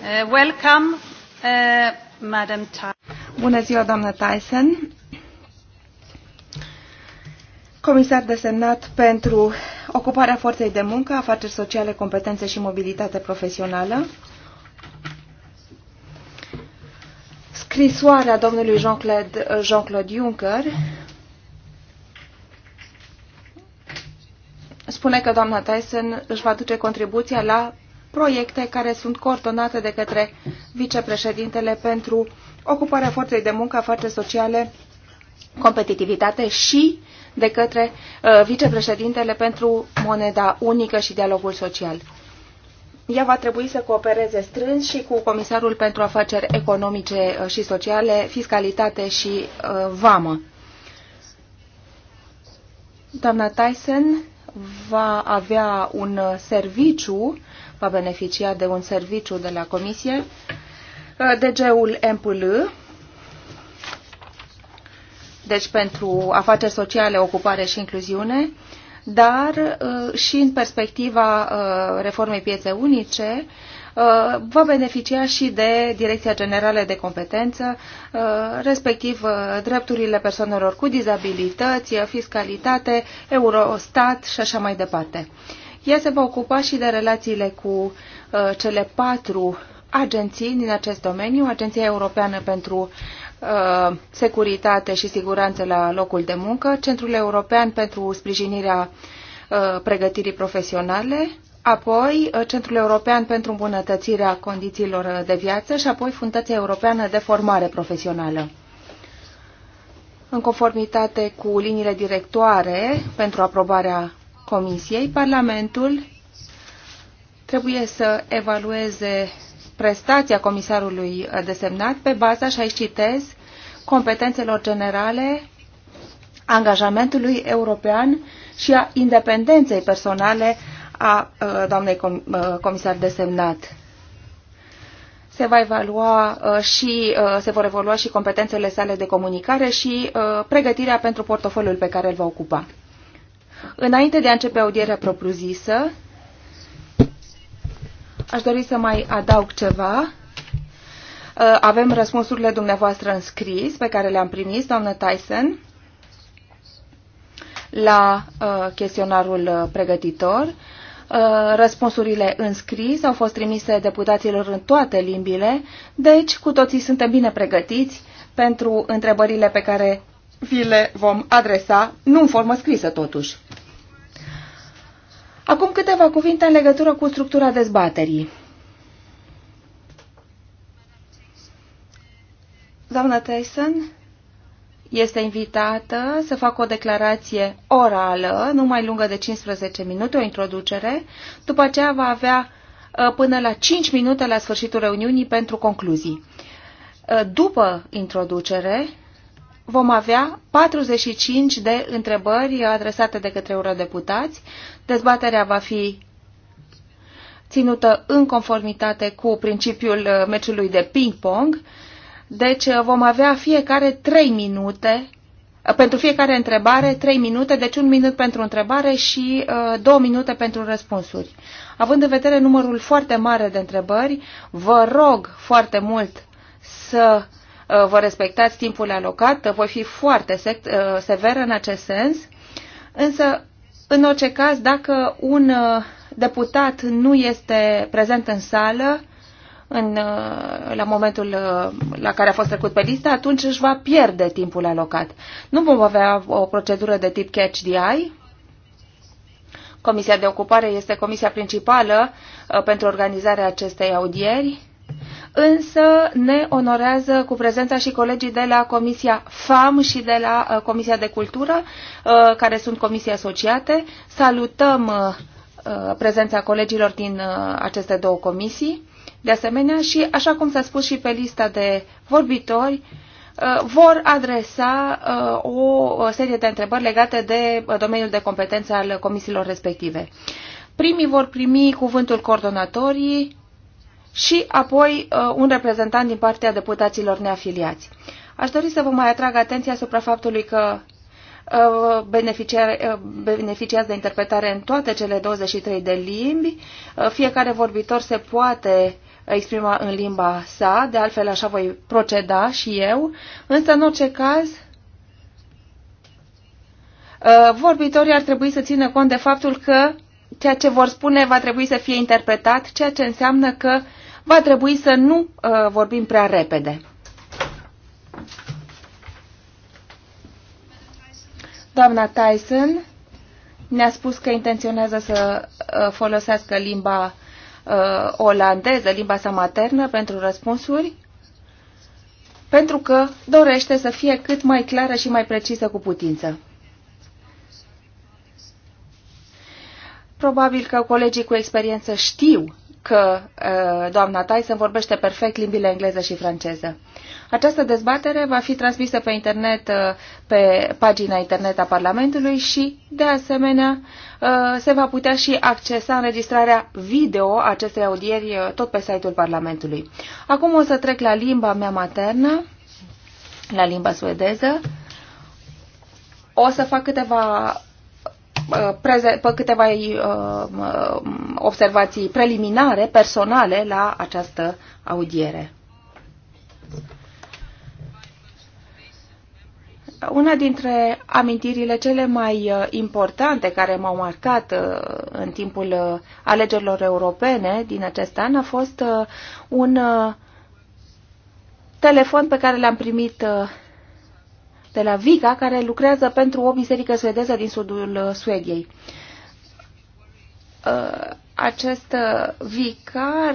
Uh, welcome, uh, Madam Bună ziua, doamnă Tyson, comisar desemnat pentru ocuparea forței de muncă, afaceri sociale, competențe și mobilitate profesională. Scrisoarea domnului Jean-Claude Jean -Claude Juncker spune că doamna Tyson își va duce contribuția la proiecte care sunt coordonate de către vicepreședintele pentru ocuparea forței de muncă, afaceri sociale, competitivitate și uh, de către uh, vicepreședintele pentru moneda unică și dialogul social. Ea va trebui să coopereze strâns și cu Comisarul pentru Afaceri Economice uh, și Sociale, Fiscalitate și uh, Vamă. Doamna Tyson va avea un serviciu, va beneficia de un serviciu de la Comisie, DG-ul MPL, deci pentru afaceri sociale, ocupare și incluziune, dar uh, și în perspectiva uh, reformei piețe unice, uh, va beneficia și de Direcția Generală de Competență, respectiv drepturile persoanelor cu dizabilități, fiscalitate, Eurostat și așa mai departe. Ea se va ocupa și de relațiile cu cele patru agenții din acest domeniu, Agenția Europeană pentru Uh, securitate și siguranță la locul de muncă, Centrul European pentru sprijinirea uh, pregătirii profesionale, apoi uh, Centrul European pentru îmbunătățirea condițiilor de viață și apoi Fundația Europeană de Formare Profesională. În conformitate cu liniile directoare pentru aprobarea Comisiei, Parlamentul trebuie să evalueze prestația comisarului desemnat pe baza, și aici citez, competențelor generale, angajamentului european și a independenței personale a uh, doamnei uh, comisar desemnat se va evalua uh, și se vor evalua și competențele sale de comunicare și pregătirea pentru portofoliul pe care îl va ocupa. Înainte de a începe audierea propriu-zisă, Aș dori să mai adaug ceva. Uh, avem răspunsurile dumneavoastră în scris pe care le-am primit, doamnă Tyson, la uh, chestionarul uh, pregătitor. Răspunsurile în scris au fost trimise deputaților în toate limbile, deci cu toții suntem bine pregătiți pentru întrebările pe care vi le vom adresa, nu în formă scrisă totuși. Acum câteva cuvinte în legătură cu structura dezbaterii. Doamna Tyson este invitată să facă o declarație orală, nu mai lungă de 15 minute, o introducere. După aceea va avea uh, până la 5 minute la sfârșitul reuniunii pentru concluzii. Uh, după introducere, vom avea 45 de întrebări adresate de către eurodeputați. Dezbaterea va fi ținută în conformitate cu principiul uh, meciului de ping-pong. Deci uh, vom avea fiecare 3 minute, uh, pentru fiecare întrebare 3 minute, deci un minut pentru întrebare și uh, 2 minute pentru răspunsuri. Având în vedere numărul foarte mare de întrebări, vă rog foarte mult să Uh, vă respectați timpul alocat, voi fi foarte uh, sever în acest sens, însă, în orice caz, dacă un uh, deputat nu este prezent în sală, în, la momentul la care a fost trecut pe listă, atunci își va pierde timpul alocat. Nu vom avea o procedură de tip catch the eye. Comisia de ocupare este comisia principală pentru organizarea acestei audieri însă ne onorează cu prezența și colegii de la Comisia FAM și de la uh, Comisia de Cultură, uh, care sunt comisii asociate. Salutăm uh, prezența colegilor din aceste două comisii. De asemenea, și așa cum s-a spus și pe lista de vorbitori, vor adresa o serie de întrebări legate de domeniul de competență al comisiilor respective. Primii vor primi cuvântul coordonatorii, și apoi uh, un reprezentant din partea deputaților neafiliați. Aș dori să vă mai atrag atenția asupra faptului că uh, uh, beneficiați de interpretare în toate cele 23 de limbi. Fiecare vorbitor se poate exprima în limba sa, de altfel așa voi proceda și eu, însă în orice caz vorbitorii ar trebui să țină cont de faptul că ceea ce vor spune va trebui să fie interpretat, ceea ce înseamnă că uh, va trebui să nu uh, vorbim prea repede. Doamna Tyson ne-a spus că intenționează să uh, folosească limba uh, olandeză, limba sa maternă, pentru răspunsuri, pentru că dorește să fie cât mai clară și mai precisă cu putință. Probabil că colegii cu experiență știu că uh, doamna Tyson vorbește perfect limbile engleză și franceză. Această dezbatere va fi transmisă pe internet, uh, pe pagina internet a Parlamentului și, de asemenea, uh, se va putea și accesa înregistrarea video a acestei audieri uh, tot pe site-ul Parlamentului. Acum o să trec la limba mea maternă, la limba suedeză. O să fac câteva câteva uh, um, observații preliminare, personale, la această audiere. Una dintre amintirile cele mai uh, importante care m-au marcat uh, în timpul alegerilor europene din acest an a fost un telefon pe care l-am primit de la Viga, care lucrează pentru o biserică suedeză din sudul uh, Suediei. Uh, acest uh, vicar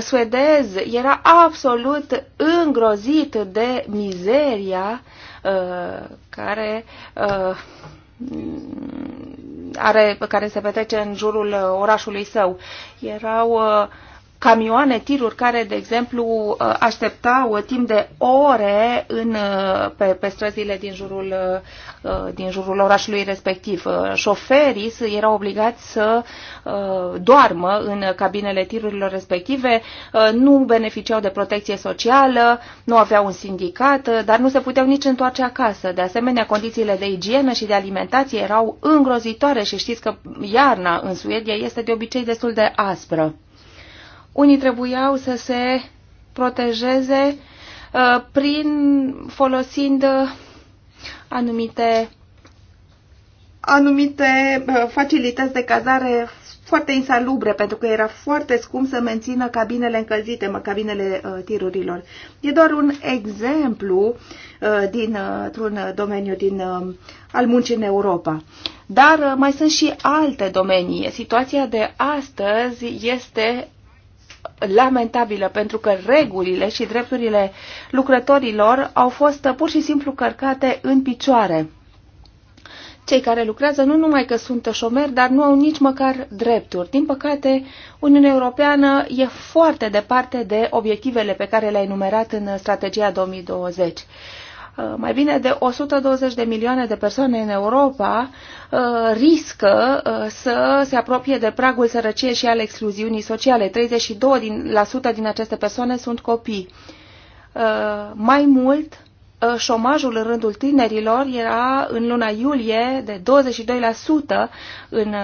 suedez era absolut îngrozit de mizeria care are, care se petrece în jurul orașului său. Erau uh, camioane, tiruri care, de exemplu, uh, așteptau uh, timp de ore în, uh, pe, pe străzile din jurul, din jurul orașului respectiv. Șoferii erau obligați să doarmă în cabinele tirurilor respective, nu beneficiau de protecție socială, nu aveau un sindicat, dar nu se puteau nici întoarce acasă. De asemenea, condițiile de igienă și de alimentație erau îngrozitoare și știți că iarna în Suedia este de obicei destul de aspră. Unii trebuiau să se protejeze uh, prin folosind uh, anumite anumite uh, facilități de cazare foarte insalubre, pentru că era foarte scump să mențină cabinele încălzite, mă, cabinele uh, tirurilor. E doar un exemplu uh, dintr-un uh, domeniu din, uh, al muncii în Europa. Dar uh, mai sunt și alte domenii. Situația de astăzi este lamentabilă pentru că regulile și drepturile lucrătorilor au fost pur și simplu cărcate în picioare. Cei care lucrează nu numai că sunt șomeri, dar nu au nici măcar drepturi. Din păcate, Uniunea Europeană e foarte departe de obiectivele pe care le-a enumerat în strategia 2020. Mai bine de 120 de milioane de persoane în Europa Uh, riscă uh, să se apropie de pragul sărăciei și al excluziunii sociale. 32% din, la sută din aceste persoane sunt copii. Uh, mai mult, șomajul în rândul tinerilor era în luna iulie de 22% în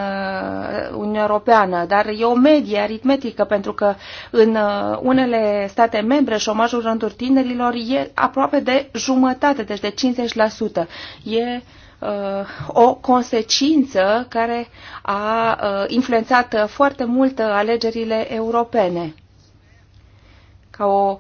Uniunea Europeană, dar e o medie aritmetică pentru că în unele state membre șomajul în rândul tinerilor e aproape de jumătate, deci de 50%. E Uh, o consecință care a uh, influențat foarte mult alegerile europene. Ca o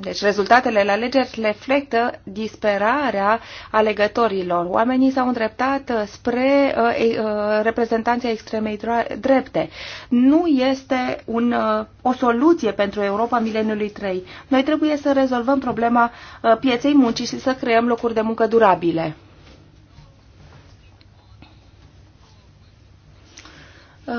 deci rezultatele la alegeri reflectă disperarea alegătorilor. Oamenii s-au îndreptat spre uh, reprezentanții reprezentanția extremei drepte. Nu este un, o soluție pentru Europa mileniului 3. Noi trebuie să rezolvăm problema pieței muncii și să creăm locuri de muncă durabile.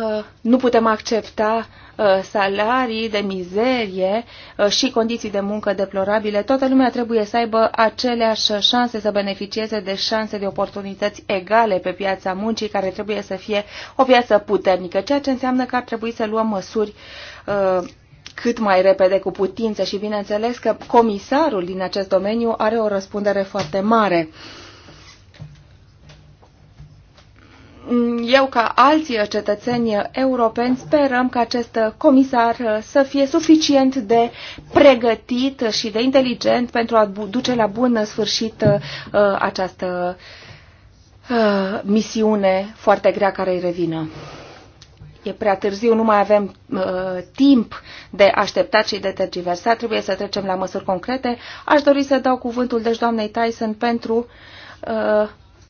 Uh, nu putem accepta uh, salarii de mizerie uh, și condiții de muncă deplorabile. Toată lumea trebuie să aibă aceleași șanse să beneficieze de șanse de oportunități egale pe piața muncii, care trebuie să fie o piață puternică, ceea ce înseamnă că ar trebui să luăm măsuri cât mai repede cu putință și bineînțeles că comisarul din acest domeniu are o răspundere foarte mare eu ca alții cetățeni europeni sperăm că acest comisar să fie suficient de pregătit și de inteligent pentru a duce la bun sfârșit uh, această uh, misiune foarte grea care îi revină. E prea târziu, nu mai avem uh, timp de așteptat și de tergiversat, trebuie să trecem la măsuri concrete. Aș dori să dau cuvântul deci doamnei Tyson pentru